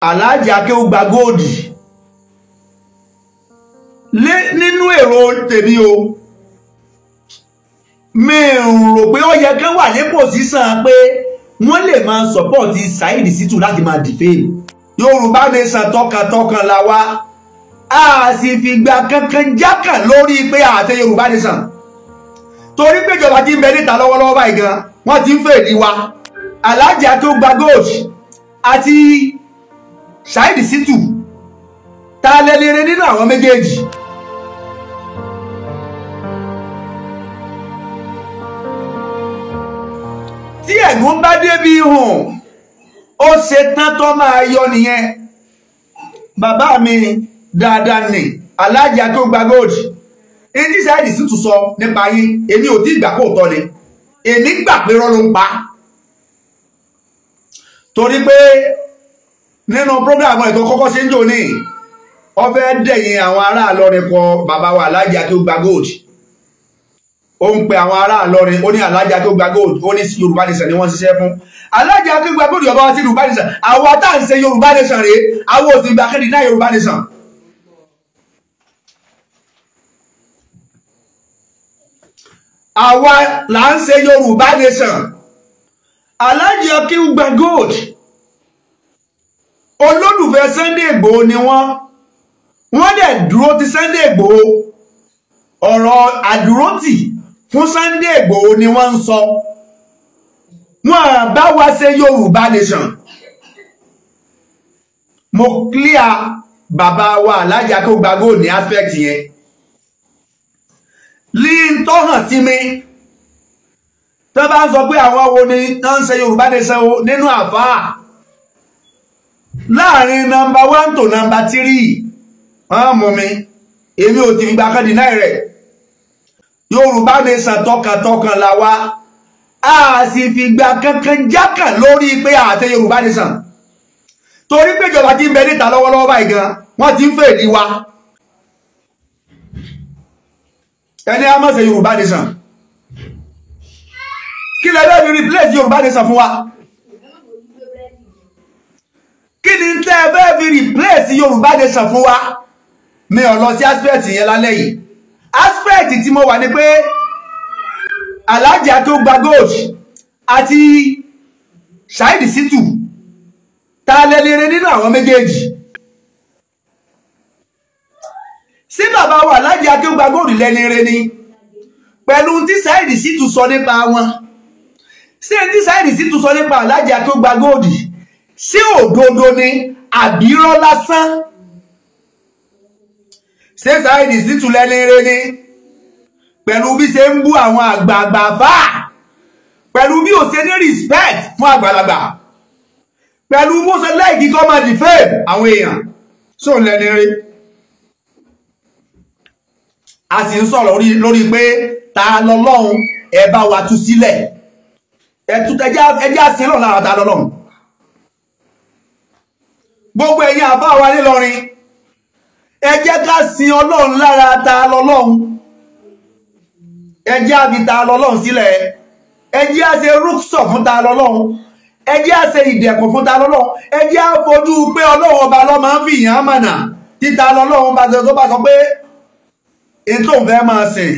aláàjì akéwúgba góòdì lé nínú èrò tèmi o mi rò pé ó yẹ kán wà ní pòsíṣàn pé wọ́n lè máa sọ́pọ̀tì Saheed Shittu láti máa dìfẹ́ Yorùbá nation tọkàntọkàn la wá a sì fìgbà kankan jákàn lórí pé àtẹ Yorùbá nation torí pé ìjọba ti ń bẹ níta lọ́wọ́lọ́wọ́ báyìí gan wọ́n ti ń fèrè wa aláàjì akéwúgba góòdì àti Saheed Shittu ta lẹ lere nínú àwọn méjèèjì. tí ẹ̀gún bá débi hàn ó ṣe tán tó máa yọ nìyẹn bàbá mi dáadáa ni alájà tó gba gold ẹni Saheed Shittu sọ nípa yín èmi ò tí gbà kó tọ́ ni èmi gbà pé rọ́ ló ń pa torí pé nínú program ètò kọ́kọ́ sí ń jò ní ọfẹ́ dẹ̀yìn àwọn ará àlọ́rin kọ bàbá wa alájà tó gba gold ó ń pe àwọn ará àlọ́rin ó ní alájà tó gba gold ó ní yorùbá nation ni wọ́n ṣiṣẹ́ fún alájà tó gba gold yorùbá wa sí yorùbá nation àwa tá à ń ṣe yorùbá nation rèé àwọn òsì ìgbà kéde náà yorùbá nation. àwa là ń ṣe yorùbá nation alájà tó gba gold olólùfẹ́ Sunday Igboho ni wọ́n wọ́n dẹ̀ dúró ti Sunday Igboho ọ̀rọ̀ àdúrótì fún Sunday Igboho ni wọ́n ń sọ wọ́n bá wa ṣe Yorùbá nation mo clear bàbá wa alájà kó gbàgbó ní aspect yẹn lí tó hàn sí mi tó bá ń sọ pé àwọn wo ni tó ń ṣe yorùbá nation nínú àfáà láàrin nọmba one tó nọmba three wọ́n mú mi èmi ò ti fi gbàkan dínà rẹ̀ yorùbá nation tọkàntọkàn la wá a sì fi gbà kankan jákàn lórí pé àtẹ yorùbá nation torí pé ìjọba ti ń bẹ níta lọ́wọ́lọ́wọ́ báyìí gan wọ́n ti ń fèdí wa ẹni a mọ̀ ṣe yorùbá nation kí lẹ́lẹ́bí replace yorùbá nation fún wa. fi replace yorùbá nation fún wa mi ò lọ sí aspect yẹn lálẹ́ yìí aspect tí mo wà ni pé alájà tó gba gold àti Saheed Shittu ta lẹ́lẹ́rẹ́ nínú àwọn méjèèjì sí bàbá wa alájà tó gba gold lẹ́lẹ́rẹ́ ni pẹ̀lú tí Saheed Shittu sọ nípa wọn sí tí Saheed Shittu sọ nípa alájà tó gba gold sí òdodo ni àbírọ́ lásán ṣé Saheed Shittu lẹ́ni rẹ ni pẹ̀lú bí ṣe ń bú àwọn àgbààgbà bá pẹ̀lú bí ò ṣe ní respect fún àgbàlagbà pẹ̀lú bó ṣe lẹ́ẹ̀kì kọ́ máa dì fẹ́ẹ̀ àwọn èèyàn ṣó lẹ́ni rẹ a sì ń sọ̀rọ̀ lórí pé ta lọ́lọ́run ẹ bá wa tú sílẹ̀ ẹ̀tú ẹjẹ́ àṣìlọ́ lára ta lọ́lọ́run gbogbo ẹ̀yin àbá wa nílọrin ẹ jẹ́ ká sin ọlọ́run lára ta lọ́lọ́run ẹ jẹ́ àbí ta lọ́lọ́run sílẹ̀ ẹ jẹ́ àṣẹ rúkṣọ̀ fún ta lọ́lọ́run ẹ jẹ́ àṣẹ ìdẹ̀kùn fún ta lọ́lọ́run ẹ jẹ́ àfojú pé ọlọ́run ọba ló máa ń fi ìyàn mànà títa lọ́lọ́run bá tó bá sọ pé ètò òun fẹ́ máa sìn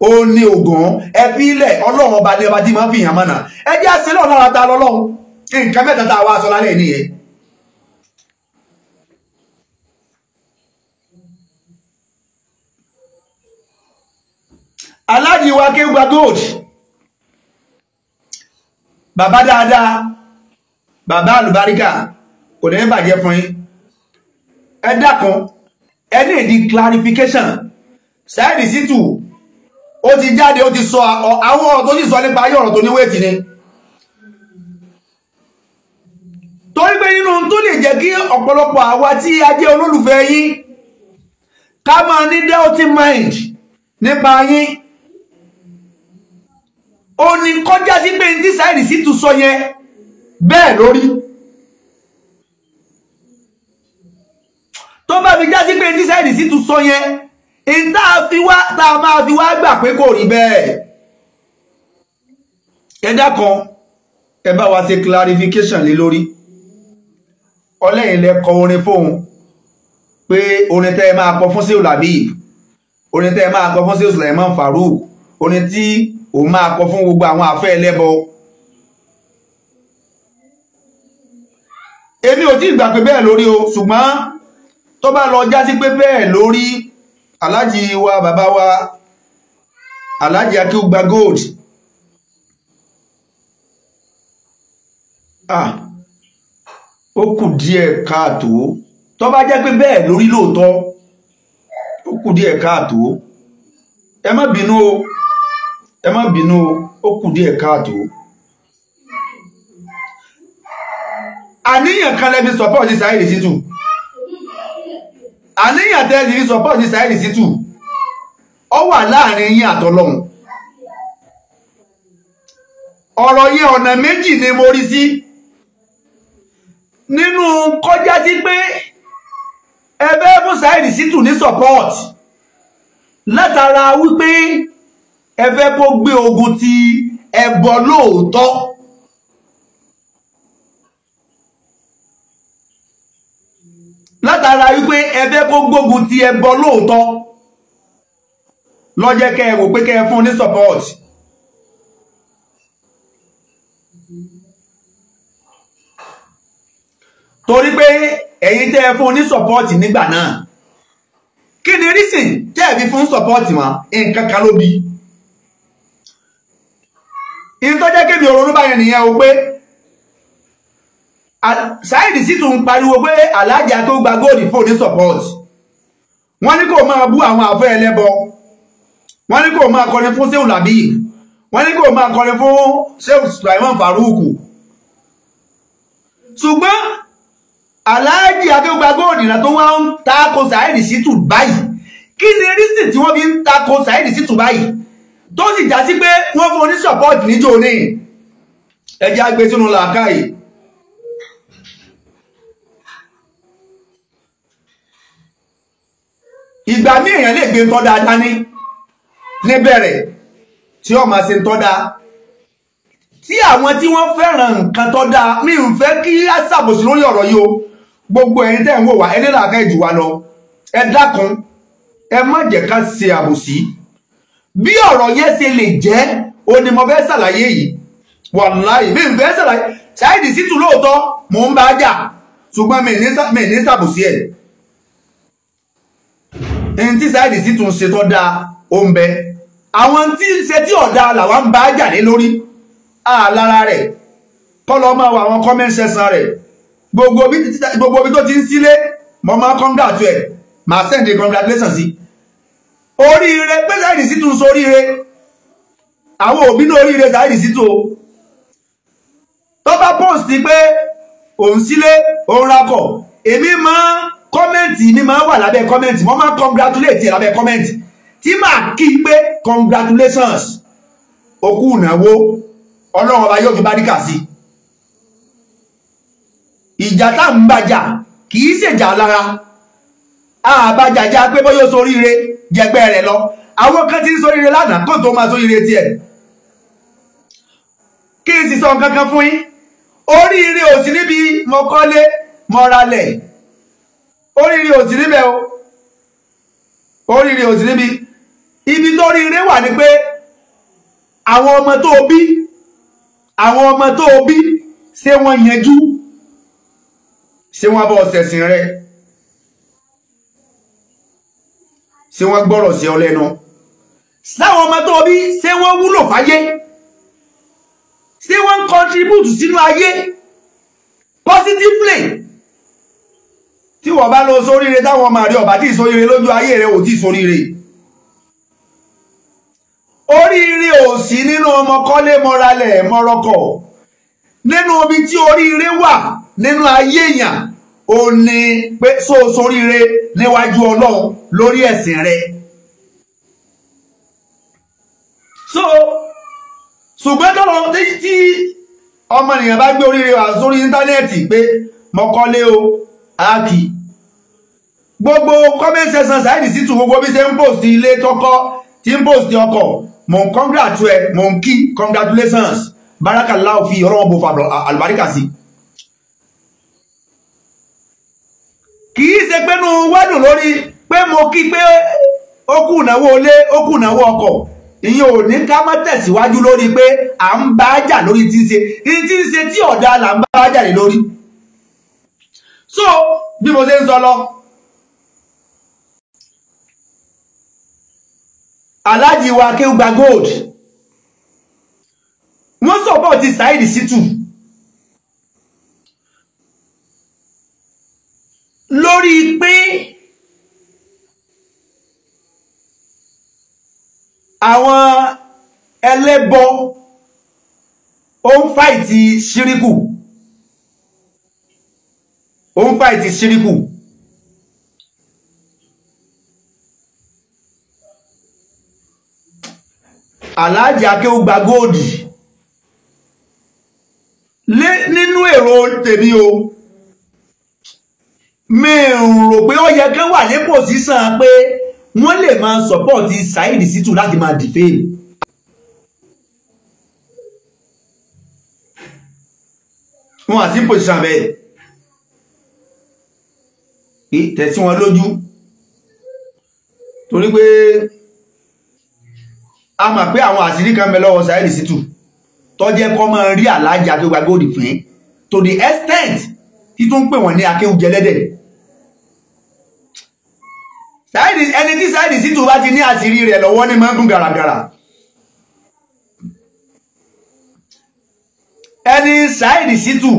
ó ní ògùn ẹ fi ilẹ̀ ọlọ́run ọba ní ọba tí máa ń fi ìyàn mànà ẹ jẹ́ àṣẹ náà lára ta lọ́lọ́run nǹkan mẹ́ta tá a wá aṣọ lálẹ́ nìyẹn aláàjì wa kéwà gold bàbá dáadáa bàbá àlùbáríkà kò ní bàjẹ́ fún yín ẹ dákun ẹ ní clarification Saheed Shittu ó ti jáde ó ti sọ àwọn ọ̀rọ̀ tó sì sọ nípa ayé ọ̀rọ̀ tó ní wéètì ni torí pé nínú tó lè jẹ́ kí ọ̀pọ̀lọpọ̀ àwa tí a jẹ́ olólùfẹ́ yín ká máa ní doubting mind nípa yín ó ní kọjá sí pé tí sáìrì sí tún sọ yẹn bẹ́ẹ̀ lórí tó bá fi já sí pé tí sáìrì sí tún sọ yẹn ìta fi wá tá a máa fi wá gbà pé kò rí bẹ́ẹ̀ ẹ̀dá kan ẹ bá wa ṣe clarification lé lórí ọlẹ́yìn lẹ kọ orin fóun pé orin tẹ́ ẹ máa kọ fún sí òlàbí orin tẹ́ ẹ máa kọ fún sí òsùlẹ̀mọ́ Farouk orin tí òun máa kọ fún gbogbo àwọn àfẹ́ ẹlẹ́bọ èmi ò tí ìgbà pé bẹ́ẹ̀ lórí o ṣùgbọ́n tó bá lọ jásí pé bẹ́ẹ̀ lórí aláàjì wa bàbá wa aláàjì akíugba gold ah ó kù díẹ̀ káàtó tó bá jẹ́ pé bẹ́ẹ̀ lórí lóòótọ́ ó kù díẹ̀ káàtó ẹ má bínú o ẹ má bínú ó kù díẹ̀ káàtó àníyàn kan lẹ́bi support ní Saheed Shittu àníyàn tẹ́lẹ̀ ní support ní Saheed Shittu ọ wà láàrin yín àtọlọ́hun ọ̀rọ̀ yẹn ọ̀nà méjì ni mo rí sí nínú kọjá sí pé ẹgbẹ́ fún Saheed Shittu ní support látara wípé ẹ fẹ́ kó gbé ogun ti ẹbọ lóòótọ́ látara wípé ẹ fẹ́ kó gbógun ti ẹbọ lóòótọ́ lọ́jẹ́ kẹ́ ẹ pé kẹ́ ẹ fún ní support torí pé ẹ̀yin tẹ́ ẹ fún ní support nígbà náà kí ni reason tẹ́ ẹ fi fún support mọ́ nǹkan kan ló bí in tó jẹ́ kébì òrònú báyẹn nìyẹn o pé Saheed sì tún pariwo pé alájà tó gba góòlù fún òní support wọ́n ní kó máa bú àwọn àfẹ́ ẹlẹ́bọ wọ́n ní kó máa kọrin fún Shehu Labib wọ́n ní kó máa kọrin fún Shehu Sulaiman Faruku ṣùgbọ́n aláàjì akéwàgbà góòlù náà tó wá ń takò Saheed sì tún báyìí kí ni rísì tí wọ́n fi ń takò Saheed sì tún báyìí tó sì já sí pé wọ́n fún oníṣọ̀pọ̀tì níjó ní ẹjẹ́ agbé sínú làákàyè ìgbà mí èèyàn lè gbé tọ́da dání níbẹ̀rẹ̀ tí ó máa ṣe tọ́da tí àwọn tí wọ́n fẹ́ràn nǹkan tọ́da mi ń fẹ́ kí á ṣàbòsí lórí ọ̀rọ̀ yìí o gbogbo ẹni tẹ́ ń wò wá ẹni làákàyè jù wá lọ ẹ dákun ẹ má jẹ́ ká ṣe àbòsí bí ọ̀rọ̀ yẹn ṣe lè jẹ́ o ni mo fẹ́ ṣàlàyé yìí wàláì mi ń fẹ́ ṣàlàyé ṣáìdì sí tù lóòótọ́ mò ń bá jà ṣùgbọ́n mi ní ṣàbùsí ẹ̀ ẹni tí ṣáìdì sí tù ń ṣe tó dáa ó ń bẹ àwọn tí ń ṣe tí ọ̀dà làwa ń bá jà lé lórí àlára rẹ̀ kọ́lọ́ máa wà àwọn comment section rẹ̀ gbogbo ibi tó ti ń sílé mo máa kọ́ńdà ẹ̀ màá send a congratulations sí i oríire pé sáìdì sí tún soríire àwọn òbí ní oríire sáìdì sí tún o tó bá post pé òun sílé òun rakọ̀ èmi máa kọ́mẹ̀ntì mi máa wà lábẹ́ kọ́mẹ̀ntì mo máa congratulate ẹ̀ lábẹ́ kọ́mẹ̀ntì tí màá kí pé congratulations òkú ìnáwó ọlọ́run ọba yóò fi báríkà sí ìjà tá à ń bàjà kì í ṣèjà lára àbájájá pé bóyá ó soríire jẹgbẹ́ rẹ̀ lọ àwọn kan ti ń soríire lánàá kó tó máa soríire tiẹ̀ kí n sì sọ nǹkan kan fún yín oríire ò sí níbi mọ́kọ́lé mọ́ralẹ̀ oríire ò sí níbẹ̀ o oríire ò sí níbi ibi tó ríire wà ní pé àwọn ọmọ tó bí àwọn ọmọ tó bí ṣé wọ́n yanjú ṣé wọ́n bọ́ ọ̀sẹ̀sìn rẹ̀ ṣé wọ́n gbọ́rọ̀ sí ọ lẹ́nu sáwọn ọmọ tó bí ṣé wọ́n wúlò fáyé ṣé wọ́n ń contribute sínú ayé positively tí wọ́n bá lọ sóríire táwọn ọmọ rẹ̀ ọ̀bá tí ìsoríire lójú ayé rẹ̀ ò tí ìsoríire oríire ò sí nínú ọmọ kọ́lé mọ́ralẹ̀ mọ́rọ́kọ̀ nínú ibi tí oríire wà nínú ayé èèyàn ó ní pé só soríire níwájú ọlọ́run lórí ẹ̀sìn rẹ so ṣùgbọ́n tọ́lọ tí ọmọnìyàn bá gbé oríire wà sórí íńtánẹ́ẹ̀tì pé mọ́kọ́lé o áàkì gbogbo comment section sáìdì sí gbogbo bí ṣe ń post ilé tọkọ tí ń post ọkọ mò ń congratulate mò ń kí congratulations barakallahu fi ọlọ́run bò fàbọ̀ àlùbáríkà sí i ṣe pé nú wẹ́dùn lórí pé mo kí pé ó kù náwó ilé ó kù náwó ọkọ̀ ìyẹn ò ní ká má tẹ̀síwájú lórí pé à ń bá jà lórí tí ń ṣe tí ń ṣe tí ọ̀dà là ń bá jà lé so bí mo ṣe ń sọ lọ wa kéwù gba gold wọ́n sọ̀bọ̀ ti Saheed lórí pé àwọn ẹlẹ́bọ ó ń fàìtì ṣíríkù ó ń fàìtì ṣíríkù aláàjì akéúgba góòdì nínú èrò tèmi o mi rò pé ó yẹ kí wà ní pòsíṣàn pé wọ́n lè máa sọ́pọ̀tì Saheed Shittu láti máa dìfẹ́ẹ̀mù. wọn à sí pòsíṣàn bẹ́ẹ̀ tẹ̀sí wọn lójú torí pé a mọ̀ pé àwọn àṣírí kan bẹ lọ́wọ́ Saheed Shittu tó jẹ́ kọ́ máa rí àlájá tó gba góòdì fún tó the extent títún pè wọ́n ní akéwùjẹ́lẹ́dẹ̀ẹ́ ẹni tí sáìdì sí tó bá ti ní àṣírí rẹ̀ lọ́wọ́ ní máa ń gùn gàràgàrà ẹni sáìdì sí tù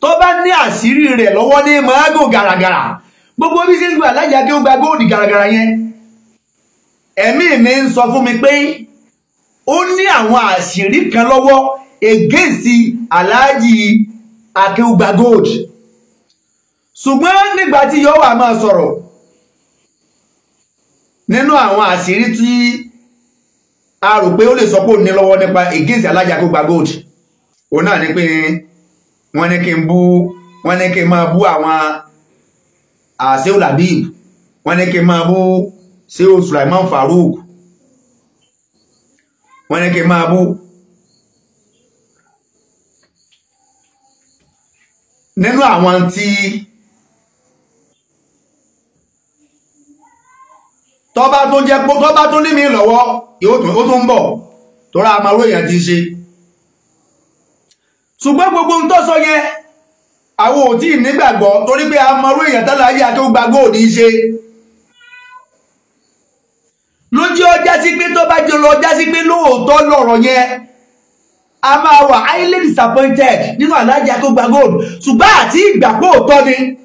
tó bá ní àṣírí rẹ̀ lọ́wọ́ ní máa ń gùn gàràgàrà gbogbo bí sí gbà lájà kí ó gba góòdì gàràgàrà yẹn ẹ̀mí mi ń sọ fún mi pé ó ní àwọn àṣírí kan lọ́wọ́ ègéèsì aláàjì akéúgba gold ṣùgbọ́n nígbà tí yọ wà máa sọ̀rọ̀ nínú àwọn àṣírí tí a rò pé ó lè sọ pé ò ní lọ́wọ́ nípa against alájà kó gba gold òun náà ni pé wọ́n ní kí n bú wọ́n ní kí n máa bú àwọn àṣẹ́wò labib wọ́n ní kí n máa bú ṣéwò Sulaiman Farouk wọ́n ní kí n máa bú nínú àwọn tí. tọ́ba tó jẹ́ pé tọ́ba tó ní mi lọ́wọ́ ó tún ń bọ̀ tọ́ra àmàrú èèyàn ti ṣe ṣùgbọ́n gbogbo ń tọ́sọ yẹn àwọn ò tí ì nígbàgbọ́ torí pé àmàrú èèyàn tálà ayé àti gbàgbọ́ ò ní ṣe lójú ọjà sí pé tó bá jẹ lọ ọjà sí pé lóòótọ́ lọ̀rọ̀ yẹn a máa wà highly disappointed nínú àlájá tó gbàgbọ́ ṣùgbọ́n àti ìgbàgbọ́ òótọ́ ni.